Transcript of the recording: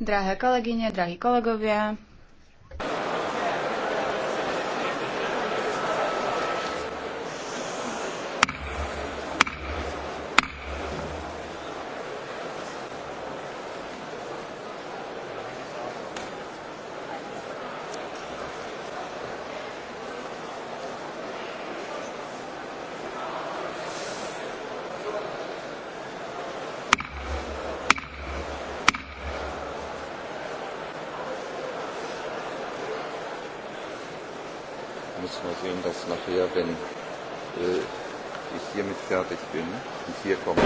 Drahé kolegyne, drahí kolegovia, muss nur sehen, dass nachher, wenn äh, ich hiermit fertig bin und hier komme,